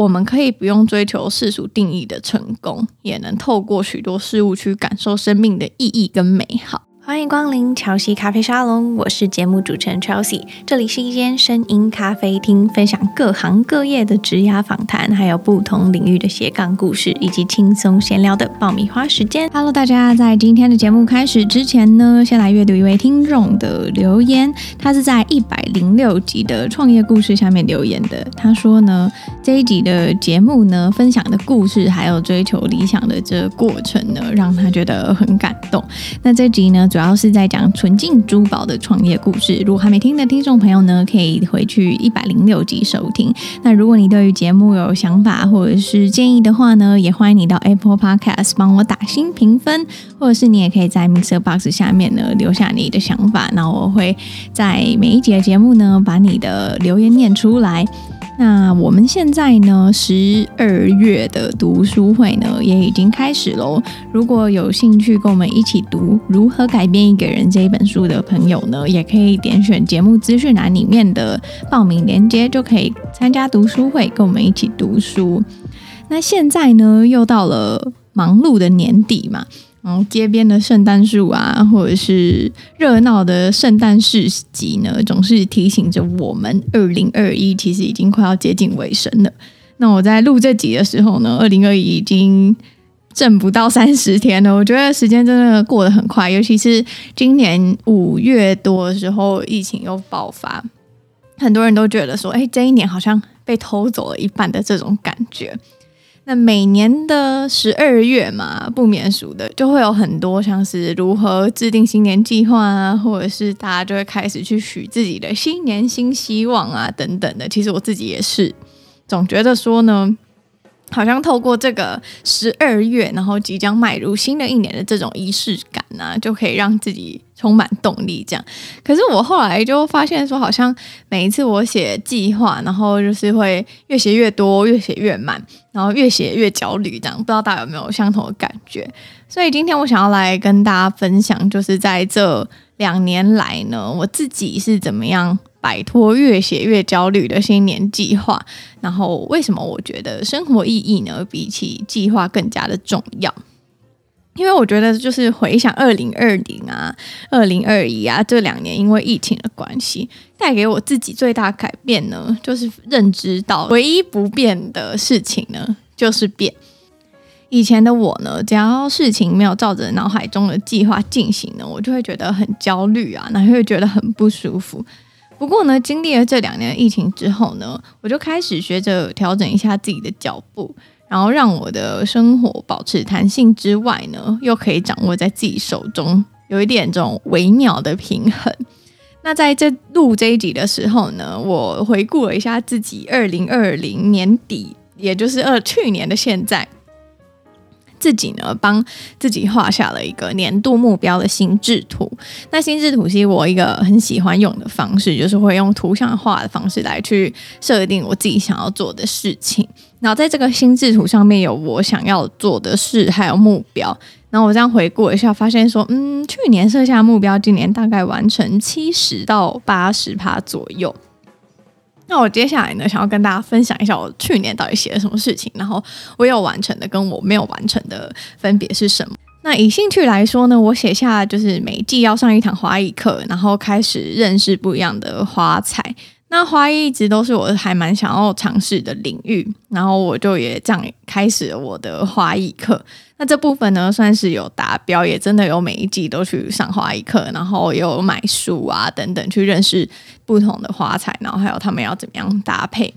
我們可以不用追求世俗定義的成功，也能透過許多事物去感受生命的意義跟美好。歡迎光臨喬西咖啡沙龍，我是節目主持人喬西。這裡是一間聲音咖啡廳，分享各行各業的職涯訪談，還有不同領域的斜槓故事，以及輕鬆閒聊的爆米花時間。Hello，大家！在今天的節目開始之前呢，先來閱讀一位聽眾的留言。他是在一百零六集的創業故事下面留言的。他說呢，這一集的節目呢，分享的故事還有追求理想的這個過程呢，讓他覺得很感動。那這集呢，主主要是在講純淨珠寶的創業故事。如果還沒聽的聽眾朋友呢，可以回去一百零六集收聽。那如果你對於節目有想法或者是建議的話呢，也歡迎你到 Apple Podcast 幫我打新評分，或者是你也可以在 Mixer Box 下面呢，留下你的想法。那我會在每一節節目呢把你的留言念出來。那我們現在呢，十二月的讀書會呢，也已經開始嘍。如果有興趣跟我們一起讀《如何改變一個人》這一本書的朋友呢，也可以點選節目資訊欄裡面的報名鏈接，就可以參加讀書會，跟我們一起讀書。那現在呢，又到了忙碌的年底嘛。然後街邊的聖誕樹啊，或者是熱鬧的聖誕市集呢，總是提醒着我們，二零二一其實已經快要接近尾聲了。那我在錄這集的時候呢，二零二一已經剩不到三十天了。我覺得時間真的過得很快，尤其是今年五月多的時候，疫情又爆發，很多人都覺得說，哎，這一年好像被偷走了一半的這種感覺。每年的十二月嘛，不免俗的就會有很多，像是如何制定新年計劃啊，或者是大家就會開始去許自己的新年新希望啊，等等的。其實我自己也是，總覺得說呢。好像透過這個十二月，然後即將邁入新的一年的這種儀式感呢啊，就可以讓自己充滿動力。這樣，可是我後來就發現說，好像每一次我寫計劃，然後就是會越寫越多，越寫越滿，然後越寫越焦慮。這樣，不知道大家有沒有相同的感覺？所以今天我想要來跟大家分享，就是在這兩年來呢，我自己是怎麼樣。擺脫越寫越焦慮的新年計劃，然後為什麼我覺得生活意義呢，比起計劃更加的重要，因為我覺得就是回想二零二零啊、二零二一啊這兩年，因為疫情的關係，帶給我自己最大改變呢，就是認知到唯一不變的事情呢，就是變。以前的我呢，只要事情沒有照着腦海中的計劃進行呢，我就會覺得很焦慮啊，然後會覺得很不舒服。不過呢，經歷了這兩年的疫情之後呢，我就開始學着調整一下自己的腳步，然後讓我的生活保持彈性之外呢，又可以掌握在自己手中，有一點這種微妙的平衡。那在這錄這一集的時候呢，我回顧了一下自己二零二零年底，也就是二去年的現在。自己呢，幫自己畫下了一個年度目標的心智圖。那心智圖是我一個很喜歡用的方式，就是會用圖像化的方式來去設定我自己想要做的事情。然後在這個心智圖上面有我想要做的事，還有目標。然後我這樣回顧一下，發現說，嗯，去年設下目標，今年大概完成七十到八十趴左右。那我接下來呢，想要跟大家分享一下我去年到底寫了什麼事情，然後我有完成的跟我沒有完成的分別是什麼。那以興趣來說呢，我寫下就是每季要上一堂花藝課，然後開始認識不一樣的花材。那花藝一直都是我還蠻想要嘗試的領域，然後我就也這樣開始了我的花藝課。那這部分呢，算是有達標，也真的有每一季都去上花藝課，然後有買書啊等等，去認識不同的花材，然後還有他們要怎麼樣搭配。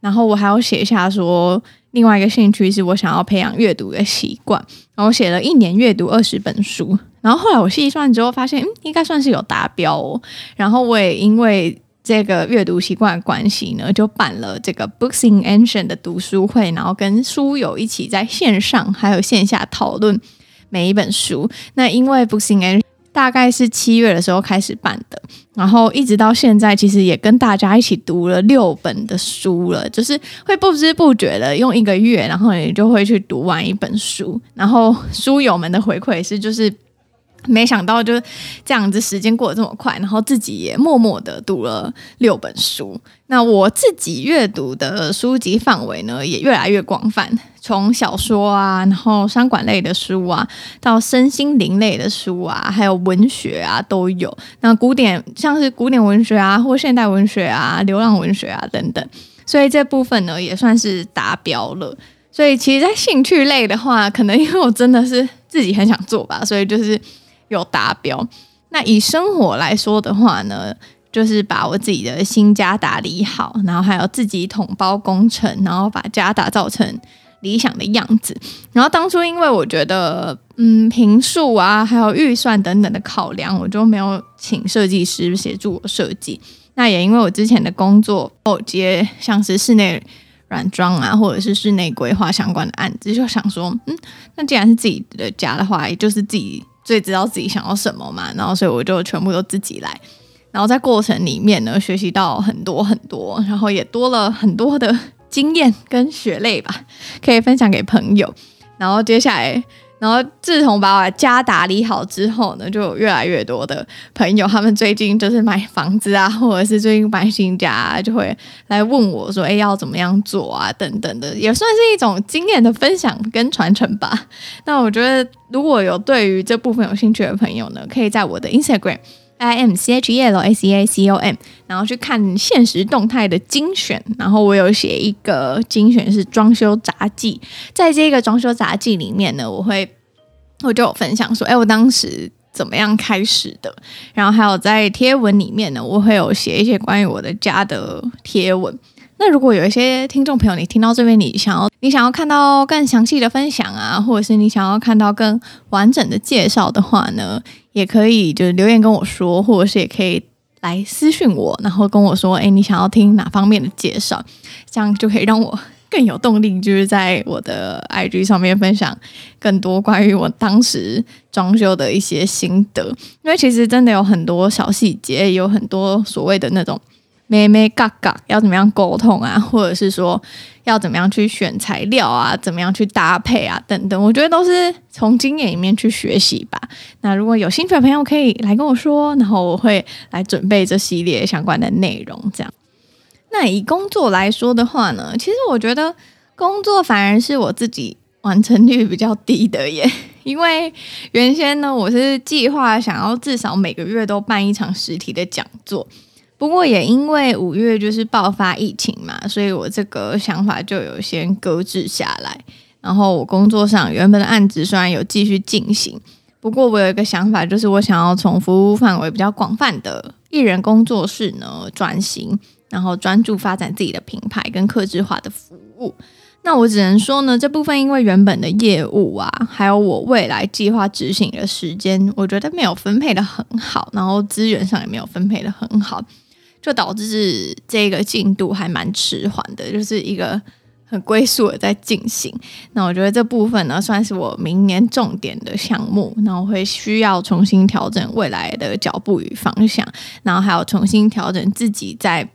然後我還要寫下說，另外一個興趣是我想要培養閱讀的習慣，然後我寫了一年閱讀二十本書，然後後來我細算之後發現，嗯，應該算是有達標哦。然後我也因為。這個閱讀習慣的關係呢，就辦了這個 Books in Action 的讀書會，然後跟書友一起在線上還有線下討論每一本書。那因為 Books in Action 大概是七月的時候開始辦的，然後一直到現在，其實也跟大家一起讀了六本的書了，就是會不知不覺的用一個月，然後也就會去讀完一本書。然後書友們的回饋是，就是。沒想到就這樣子，時間過得這麼快，然後自己也默默的讀了六本書。那我自己閱讀的書籍範圍呢，也越來越廣泛，從小說啊，然後商管類的書啊，到身心靈類的書啊，還有文學啊都有。那古典像是古典文學啊，或現代文學啊，流浪文學啊等等，所以這部分呢也算是達標了。所以其實，在興趣類的話，可能因為我真的是自己很想做吧，所以就是。有達標。那以生活來說的話呢，就是把我自己的新家打理好，然後還有自己統包工程，然後把家打造成理想的樣子。然後當初因為我覺得，嗯，坪數啊，還有預算等等的考量，我就沒有請設計師協助我設計。那也因為我之前的工作接像是室內軟裝啊，或者是室內規劃相關的案子，就想說，嗯，那既然是自己的家的話，也就是自己。最知道自己想要什麼嘛，然後所以我就全部都自己來，然後在過程裡面呢，學習到很多很多，然後也多了很多的經驗跟血淚吧，可以分享給朋友，然後接下來。然後，自從把我家打理好之後呢，就有越來越多的朋友，他們最近就是買房子啊，或者是最近搬新家啊，就會來問我說：“哎，要怎麼樣做啊？”等等的，也算是一種經驗的分享跟傳承吧。那我覺得，如果有對於這部分有興趣的朋友呢，可以在我的 Instagram。imchelseacom，然後去看限時動態的精選，然後我有寫一個精選是裝修雜記。在這個裝修雜記裡面呢，我會我就有分享說，哎、欸，我當時怎麼樣開始的，然後還有在貼文裡面呢，我會有寫一些關於我的家的貼文。那如果有一些聽眾朋友，你聽到這邊，你想要你想要看到更詳細的分享啊，或者是你想要看到更完整的介紹的話呢？也可以就是留言跟我說，或者是也可以來私信我，然後跟我說，哎、欸，你想要聽哪方面的介紹？這樣就可以讓我更有動力，就是在我的 IG 上面分享更多關於我當時裝修的一些心得。因為其實真的有很多小細節，有很多所謂的那種。咩咩嘎嘎，要怎麼樣溝通啊？或者是說要怎麼樣去選材料啊？怎麼樣去搭配啊？等等，我覺得都是從經驗裡面去學習吧。那如果有興趣的朋友，可以來跟我說，然後我會來準備這系列相關的內容。這樣。那以工作來說的話呢，其實我覺得工作反而是我自己完成率比較低的耶，因為原先呢，我是計劃想要至少每個月都辦一場實體的講座。不過也因為五月就是爆發疫情嘛，所以我這個想法就有先擱置下來。然後我工作上原本的案子雖然有繼續進行，不過我有一個想法，就是我想要從服務範圍比較廣泛的藝人工作室呢轉型，然後專注發展自己的品牌跟客制化的服務。那我只能說呢，這部分因為原本的業務啊，還有我未來計劃執行的時間，我覺得沒有分配得很好，然後資源上也沒有分配得很好。就導致這個進度還蠻遲緩的，就是一個很龜速的在進行。那我覺得這部分呢，算是我明年重點的項目。然後會需要重新調整未來的腳步與方向，然後還要重新調整自己在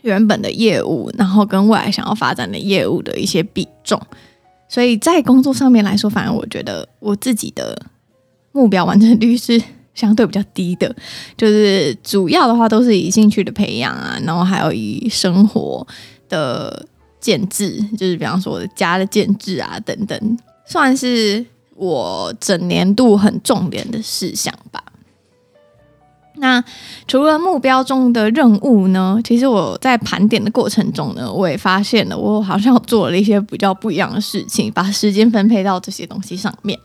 原本的業務，然後跟未來想要發展的業務的一些比重。所以在工作上面來說，反而我覺得我自己的目標完成率是。相對比較低的，就是主要的話都是以興趣的培養啊，然後還有以生活的建制，就是比方說我的家的建制啊等等，算是我整年度很重點的事項吧。那除了目標中的任務呢，其實我在盤點的過程中呢，我也發現了我好像做了一些比較不一樣的事情，把時間分配到這些東西上面。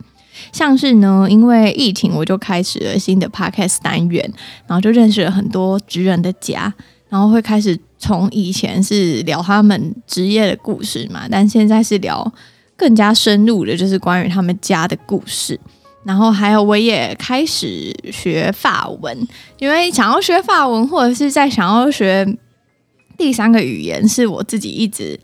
像是呢，因為疫情，我就開始了新的 Podcast 單元，然後就認識了很多職人的家，然後會開始從以前是聊他們職業的故事嘛，但現在是聊更加深入的，就是關於他們家的故事。然後還有，我也開始學法文，因為想要學法文，或者是再想要學第三個語言，是我自己一直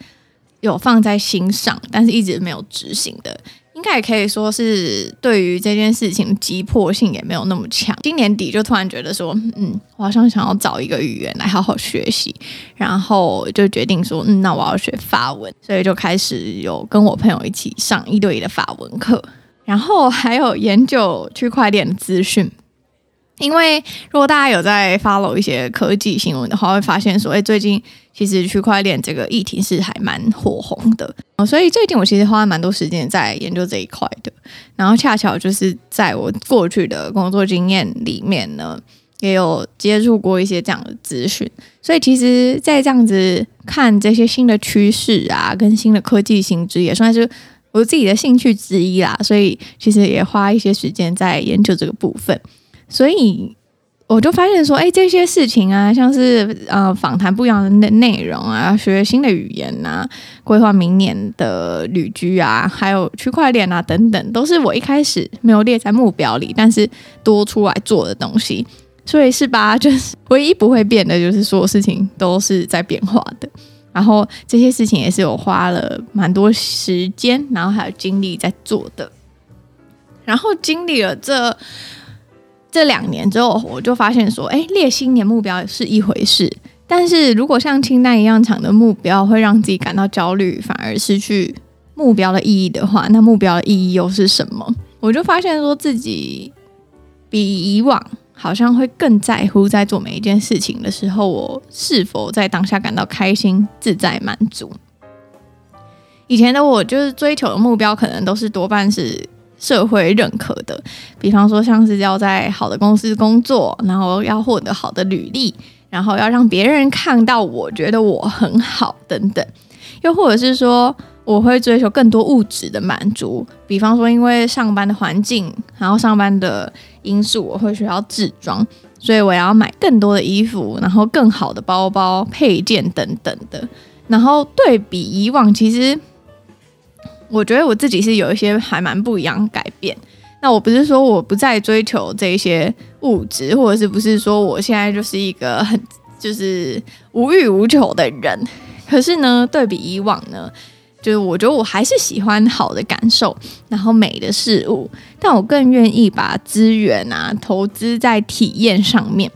有放在心上，但是一直沒有執行的。大概可以說是對於這件事情的急迫性也沒有那麼強。今年底就突然覺得說，嗯，我好像想要找一個語言來好好學習，然後就決定說，嗯，那我要學法文，所以就開始有跟我朋友一起上一對一的法文課，然後還有研究區塊鏈的資訊。因為如果大家有在 follow 一些科技新聞的話，會發現說，哎、欸，最近其實區塊鏈這個議題是還蠻火紅的。嗯，所以最近我其實花了蠻多時間在研究這一塊的。然後恰巧就是在我過去的工作經驗裡面呢，也有接觸過一些這樣的資訊。所以其實，在這樣子看這些新的趨勢啊，跟新的科技新知也，也算是我自己的興趣之一啦。所以其實也花一些時間在研究這個部分。所以我就發現說，哎、欸，這些事情啊，像是呃訪談不一樣的內內容啊，學新的語言啊，規劃明年的旅居啊，還有區塊鏈啊等等，都是我一開始沒有列在目標裡，但是多出來做的東西。所以是吧？就是唯一不會變的，就是所有事情都是在變化的。然後這些事情也是我花了蠻多時間，然後還有精力在做的。然後經歷了這。這兩年之後，我就發現說，哎，列新年目標是一回事，但是如果像清單一樣長的目標，會讓自己感到焦慮，反而失去目標的意義的話，那目標的意義又是什麼？我就發現說自己比以往好像會更在乎，在做每一件事情的時候，我是否在當下感到開心、自在、滿足。以前的我就是追求的目標，可能都是多半是。社會認可的，比方說像是要在好的公司工作，然後要獲得好的履歷，然後要讓別人看到我覺得我很好等等，又或者是說我會追求更多物質的滿足，比方說因為上班的環境，然後上班的因素，我會需要置裝，所以我要買更多的衣服，然後更好的包包、配件等等的，然後對比以往其實。我覺得我自己是有一些還蠻不一樣的改變。那我不是說我不再追求這些物質，或者是不是說我現在就是一個很就是無慾無求的人。可是呢，對比以往呢，就是我覺得我還是喜歡好的感受，然後美的事物。但我更願意把資源啊投資在體驗上面，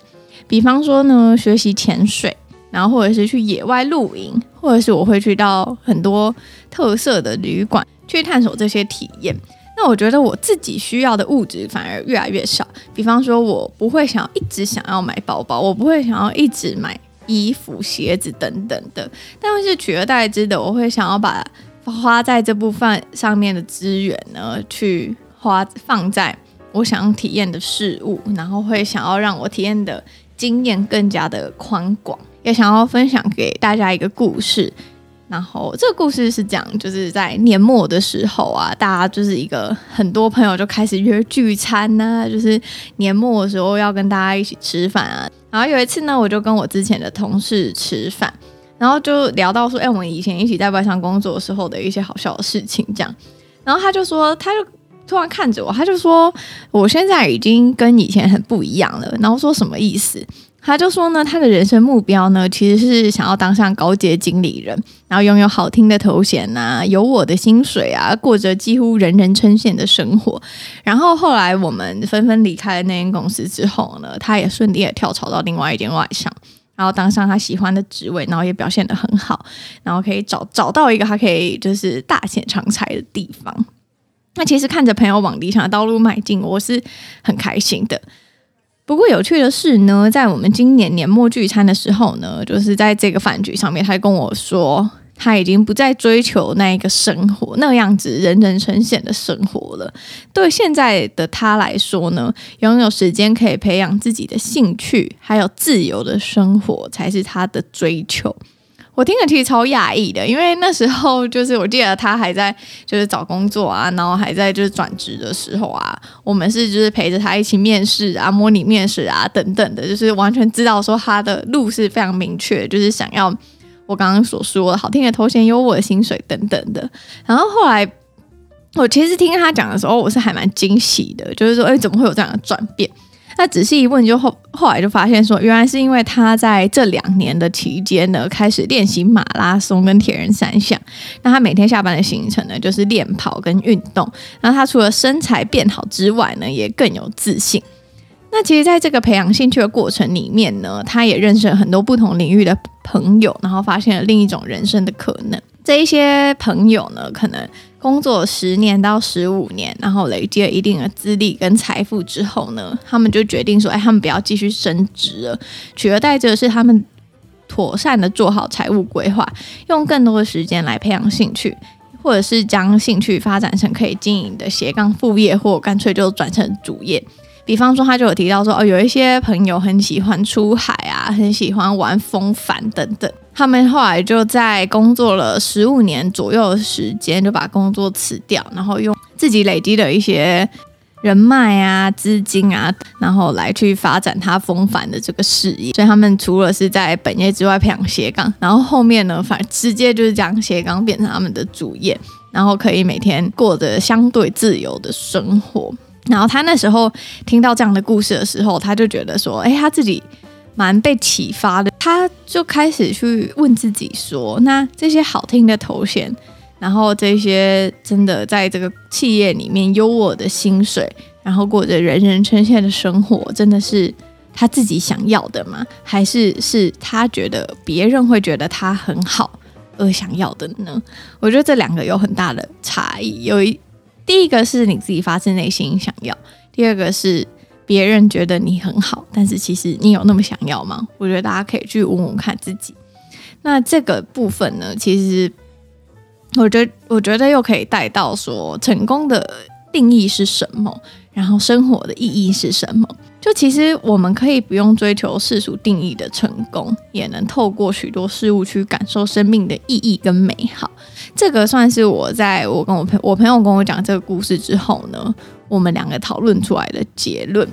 比方說呢，學習潛水。然後，或者是去野外露營，或者是我會去到很多特色的旅館去探索這些體驗。那我覺得我自己需要的物質反而越來越少。比方說，我不會想要一直想要買包包，我不會想要一直買衣服、鞋子等等的。但是取而代之的，我會想要把花在這部分上面的資源呢，去花放在我想體驗的事物，然後會想要讓我體驗的經驗更加的寬廣。也想要分享給大家一個故事，然後這個故事是講，就是在年末的時候啊，大家就是一個很多朋友就開始約聚餐吶、啊，就是年末的時候要跟大家一起吃飯啊。然後有一次呢，我就跟我之前的同事吃飯，然後就聊到說，哎、欸，我們以前一起在外商工作的時候的一些好笑的事情，這樣。然後他就說，他就突然看着我，他就說，我現在已經跟以前很不一樣了，然後說什麼意思？他就說呢，他的人生目標呢，其實是想要當上高階經理人，然後擁有好聽的頭銜吶、啊，有我的薪水啊，過着幾乎人人稱羨的生活。然後後來我們紛紛離開了那間公司之後呢，他也順利的跳槽到另外一間外商，然後當上他喜歡的職位，然後也表現得很好，然後可以找找到一個他可以就是大顯長才的地方。那其實看着朋友往理想的道路邁進，我是很開心的。不過有趣的是呢，在我們今年年末聚餐的時候呢，就是在這個飯局上面，他跟我說他已經不再追求那個生活，那樣子人人稱羨的生活了。對現在的他來說呢，擁有時間可以培養自己的興趣，還有自由的生活，才是他的追求。我聽了其實超訝異的，因為那時候就是我記得他還在就是找工作啊，然後還在就是轉職的時候啊，我們是就是陪着他一起面試啊，模擬面試啊等等的，就是完全知道說他的路是非常明確，就是想要我剛剛所說的好聽的頭銜、優渥的薪水等等的。然後後來我其實聽他講的時候，我是還蠻驚喜的，就是說哎、欸，怎麼會有這樣的轉變？那仔細一問，就後後來就發現說，原來是因為他在這兩年的期間呢，開始練習馬拉松跟鐵人三項。那他每天下班的行程呢，就是練跑跟運動。那他除了身材變好之外呢，也更有自信。那其實，在這個培養興趣的過程裡面呢，他也認識了很多不同領域的朋友，然後發現了另一種人生的可能。這一些朋友呢，可能。工作十年到十五年，然後累積了一定的資歷跟財富之後呢，他們就決定說，哎、欸，他們不要繼續升職了。取而代之的是他們妥善的做好財務規劃，用更多的時間來培養興趣，或者是將興趣發展成可以經營的斜槓副業，或乾脆就轉成主業。比方說，他就有提到說，哦，有一些朋友很喜歡出海啊，很喜歡玩風帆等等。他們後來就在工作了十五年左右的時間，就把工作辭掉，然後用自己累積的一些人脈啊、資金啊，然後來去發展他風帆的這個事業。所以他們除了是在本業之外培養斜槓，然後後面呢，反而直接就是將斜槓變成他們的主業，然後可以每天過着相對自由的生活。然後他那時候聽到這樣的故事的時候，他就覺得說：“誒，他自己。”蠻被啟發的，他就開始去問自己說：“那這些好聽的頭銜，然後這些真的在這個企業裡面優渥的薪水，然後過着人人稱羨的生活，真的是他自己想要的嗎？還是是他覺得別人會覺得他很好而想要的呢？”我覺得這兩個有很大的差異。有一第一個是你自己發自內心想要，第二個是。別人覺得你很好，但是其實你有那麼想要嗎？我覺得大家可以去問問看自己。那這個部分呢，其實我覺得，我覺得又可以帶到說成功的定義是什麼？然後生活的意義是什麼？就其實我們可以不用追求世俗定義的成功，也能透過許多事物去感受生命的意義跟美好。這個算是我在我跟我朋友，我朋友跟我講這個故事之後呢，我們兩個討論出來的結論。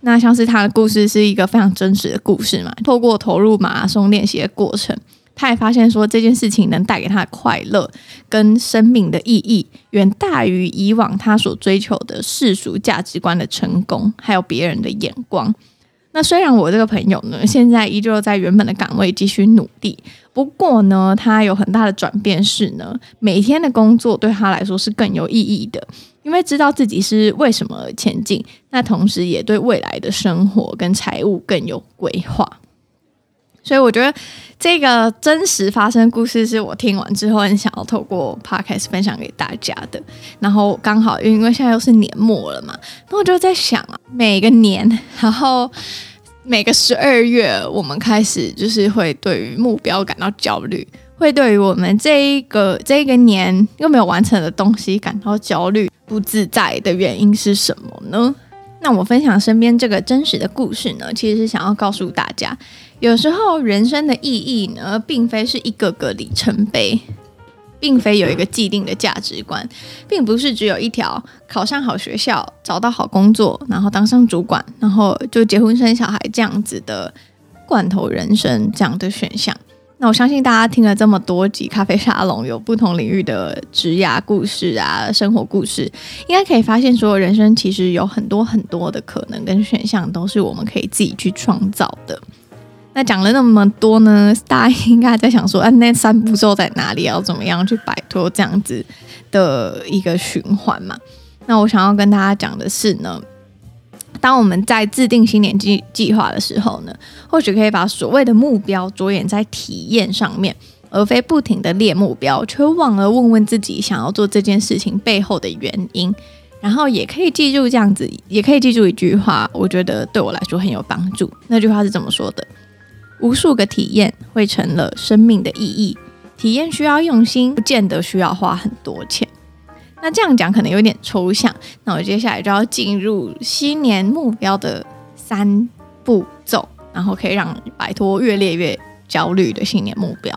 那像是他的故事是一個非常真實的故事嘛，透過投入馬拉松練習的過程。他也發現說，這件事情能帶給他的快樂跟生命的意義，遠大於以往他所追求的世俗價值觀的成功，還有別人的眼光。那雖然我這個朋友呢，現在依舊在原本的崗位繼續努力，不過呢，他有很大的轉變是呢，每天的工作對他來說是更有意義的，因為知道自己是為什麼而前進，那同時也對未來的生活跟財務更有規劃。所以我覺得這個真實發生故事是我聽完之後很想要透過 Podcast 分享給大家的。然後剛好因為現在又是年末了嘛，那我就在想啊，每個年，然後每個十二月，我們開始就是會對於目標感到焦慮，會對於我們這一個這一個年又沒有完成的東西感到焦慮、不自在的原因是什麼呢？那我分享身邊這個真實的故事呢，其實是想要告訴大家，有時候人生的意義呢，並非是一個個里程碑，並非有一個既定的價值觀，並不是只有一條考上好學校、找到好工作，然後當上主管，然後就結婚生小孩這樣子的罐頭人生這樣的選項。那我相信大家聽了這麼多集咖啡沙龍，有不同領域的職業故事啊、生活故事，應該可以發現說，人生其實有很多很多的可能跟選項，都是我們可以自己去創造的。那講了那麼多呢，大家應該在想說，哎、 啊，那三步驟在哪裡？要怎麼樣去擺脫這樣子的一個循環嘛？那我想要跟大家講的是呢。當我們在制定新年計計劃的時候呢，或許可以把所謂的目標着眼在體驗上面，而非不停的列目標，卻忘了問問自己想要做這件事情背後的原因。然後也可以記住這樣子，也可以記住一句話，我覺得對我來說很有幫助。那句話是這麼說的，無數個體驗會成了生命的意義。體驗需要用心，不見得需要花很多錢。那這樣講可能有點抽象，那我接下來就要進入新年目標的三步驟，然後可以讓你擺脫越寫越焦慮的新年目標。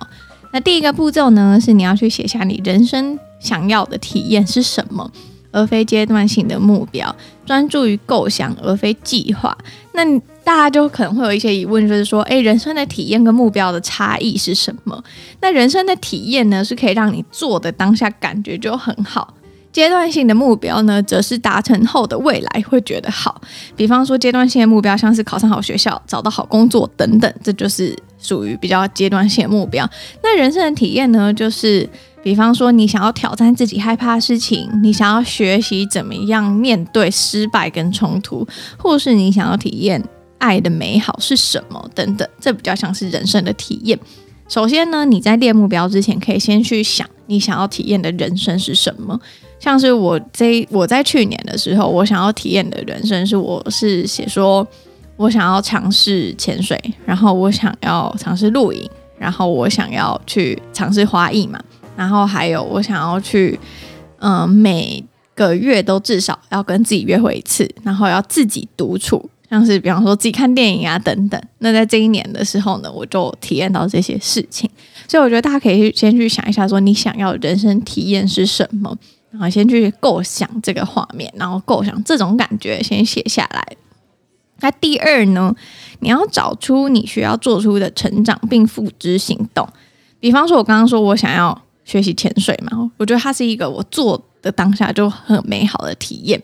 那第一個步驟呢，是你要去寫下你人生想要的體驗是什麼，而非階段性的目標，專注於構想而非計劃。那大家就可能會有一些疑問，就是說，哎、欸，人生的體驗跟目標的差異是什麼？那人生的體驗呢，是可以讓你做的當下感覺就很好。階段性的目標呢，則是達成後的未來會覺得好，比方說階段性的目標像是考上好學校、找到好工作等等，這就是屬於比較階段性的目標。那人生的體驗呢，就是比方說你想要挑戰自己害怕的事情，你想要學習怎麼樣面對失敗跟衝突，或是你想要體驗愛的美好是什麼等等，這比較像是人生的體驗。首先呢，你在列目標之前，可以先去想你想要體驗的人生是什麼。像是我這我在去年的時候，我想要體驗的人生是，我是寫說，我想要嘗試潛水，然後我想要嘗試露營，然後我想要去嘗試花藝嘛，然後還有我想要去，嗯、呃，每個月都至少要跟自己約會一次，然後要自己獨處，像是比方說自己看電影啊等等。那在這一年的時候呢，我就體驗到這些事情，所以我覺得大家可以先去想一下說，說你想要的人生體驗是什麼？然後先去構想這個畫面，然後構想這種感覺，先寫下來。那第二呢，你要找出你需要做出的成長並付諸行動。比方說，我剛剛說我想要學習潛水嘛，我覺得它是一個我做的當下就很美好的體驗。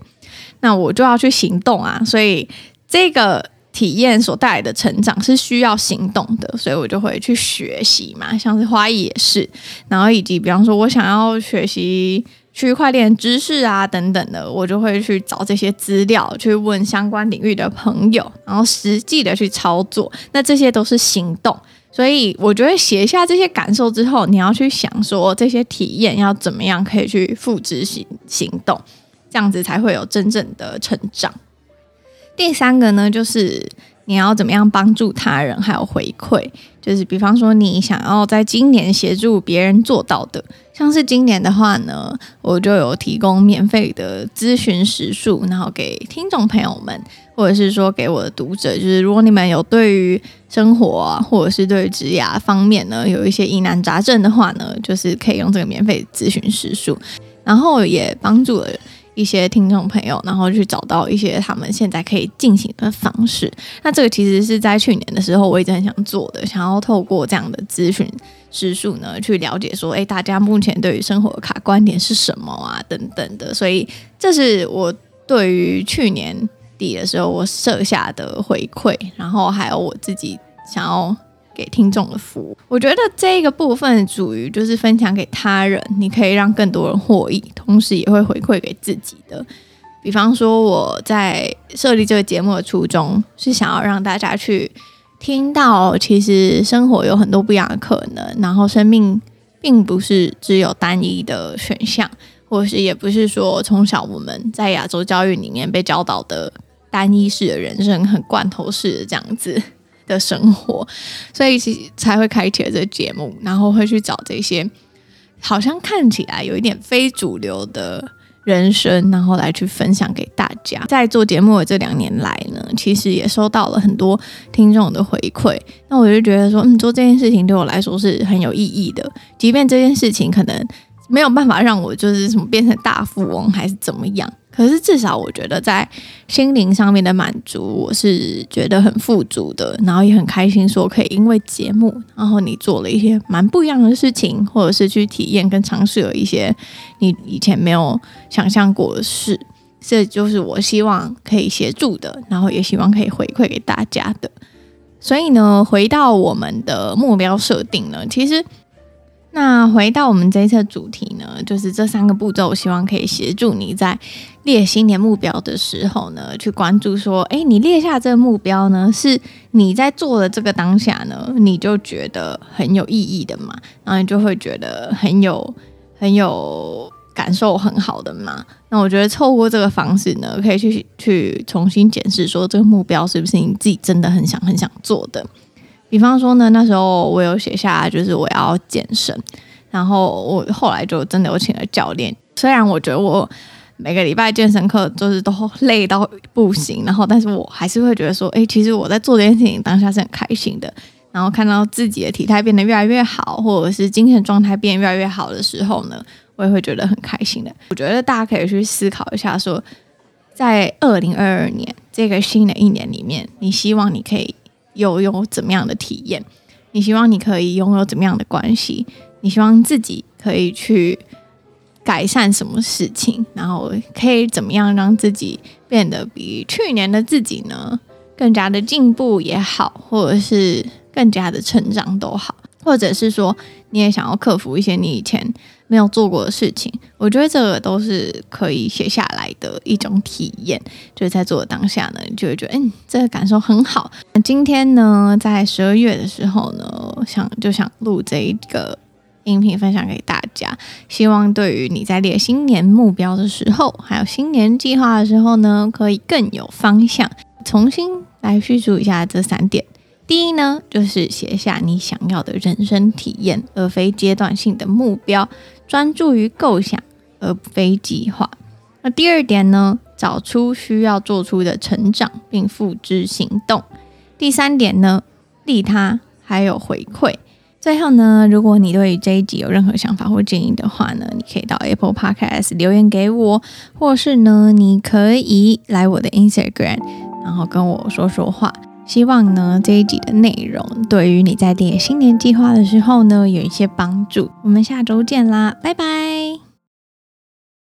那我就要去行動啊，所以這個體驗所帶來的成長是需要行動的，所以我就會去學習嘛。像是花藝也是，然後以及比方說，我想要學習。區塊鏈知識啊，等等的，我就會去找這些資料，去問相關領域的朋友，然後實際的去操作。那這些都是行動，所以我覺得寫下這些感受之後，你要去想說這些體驗要怎麼樣可以去付諸行、行動，這樣子才會有真正的成長。第三個呢，就是你要怎麼樣幫助他人，還有回饋，就是比方說你想要在今年協助別人做到的。像是今年的話呢，我就有提供免費的諮詢時數，然後給聽眾朋友們，或者是說給我的讀者，就是如果你們有對於生活啊，或者是對於職業方面呢，有一些疑難雜症的話呢，就是可以用這個免費諮詢時數，然後也幫助了一些聽眾朋友，然後去找到一些他們現在可以進行的方式。那這個其實是在去年的時候，我一直很想做的，想要透過這樣的諮詢時數呢，去了解說，誒、欸，大家目前對於生活卡觀點是什麼啊，等等的。所以，這是我對於去年底的時候我設下的回饋，然後還有我自己想要。給聽眾的服務，我覺得這個部分的主於就是分享給他人，你可以讓更多人獲益，同時也會回饋給自己的。比方說，我在設立這個節目的初衷是想要讓大家去聽到，其實生活有很多不一樣的可能，然後生命並不是只有單一的選項，或是也不是說從小我們在亞洲教育裡面被教導的單一式的人生，很罐頭式的這樣子。的生活，所以才會開啟了這節目，然後會去找這些好像看起來有一點非主流的人生，然後來去分享給大家。在做節目的這兩年來呢，其實也收到了很多聽眾的回饋，那我就覺得說，嗯，做這件事情對我來說是很有意義的，即便這件事情可能沒有辦法讓我就是什麼變成大富翁，還是怎麼樣。可是至少我覺得，在心靈上面的滿足，我是覺得很富足的，然後也很開心，說可以因為節目，然後你做了一些蠻不一樣的事情，或者是去體驗跟嘗試了一些你以前沒有想象過的事，這就是我希望可以協助的，然後也希望可以回饋給大家的。所以呢，回到我們的目標設定呢，其實。那回到我們這一次的主題呢，就是這三個步驟，我希望可以協助你在列新年目標的時候呢，去關注說，誒、欸，你列下這個目標呢，是你在做的這個當下呢，你就覺得很有意義的嘛，然後你就會覺得很有、很有感受、很好的嘛。那我覺得透過這個方式呢，可以去去重新檢視說，這個目標是不是你自己真的很想、很想做的。比方說呢，那時候我有寫下，就是我要健身，然後我後來就真的有請了教練。雖然我覺得我每個禮拜健身課就是都累到不行，然後，但是我還是會覺得說，哎、欸，其實我在做這件事情當下是很開心的。然後看到自己的體態變得越來越好，或者是精神狀態變得越來越好的時候呢，我也會覺得很開心的。我覺得大家可以去思考一下說，說在二零二二年這個新的一年裡面，你希望你可以。又有怎麼樣的體驗？你希望你可以擁有怎麼樣的關係？你希望自己可以去改善什麼事情？然後可以怎麼樣讓自己變得比去年的自己呢更加的進步也好，或者是更加的成長都好，或者是說你也想要克服一些你以前沒有做過的事情，我覺得這個都是可以寫下來的一種體驗。就在做的當下呢，你就會覺得，嗯、欸，這個感受很好。那今天呢，在十二月的時候呢，想就想錄這一個音頻分享給大家，希望對於你在列新年目標的時候，還有新年計劃的時候呢，可以更有方向，重新來敘述一下這三點。第一呢，就是寫下你想要的人生體驗，而非階段性的目標，專注於構想，而非計劃。那第二點呢，找出需要做出的成長，並付之行動。第三點呢，利他還有回饋。最後呢，如果你對於這一集有任何想法或建議的話呢，你可以到 Apple Podcast 留言給我，或是呢，你可以來我的 Instagram，然後跟我說說話。希望呢這一集的內容，對於你在列新年計劃的時候呢，有一些幫助。我們下周見啦，拜拜！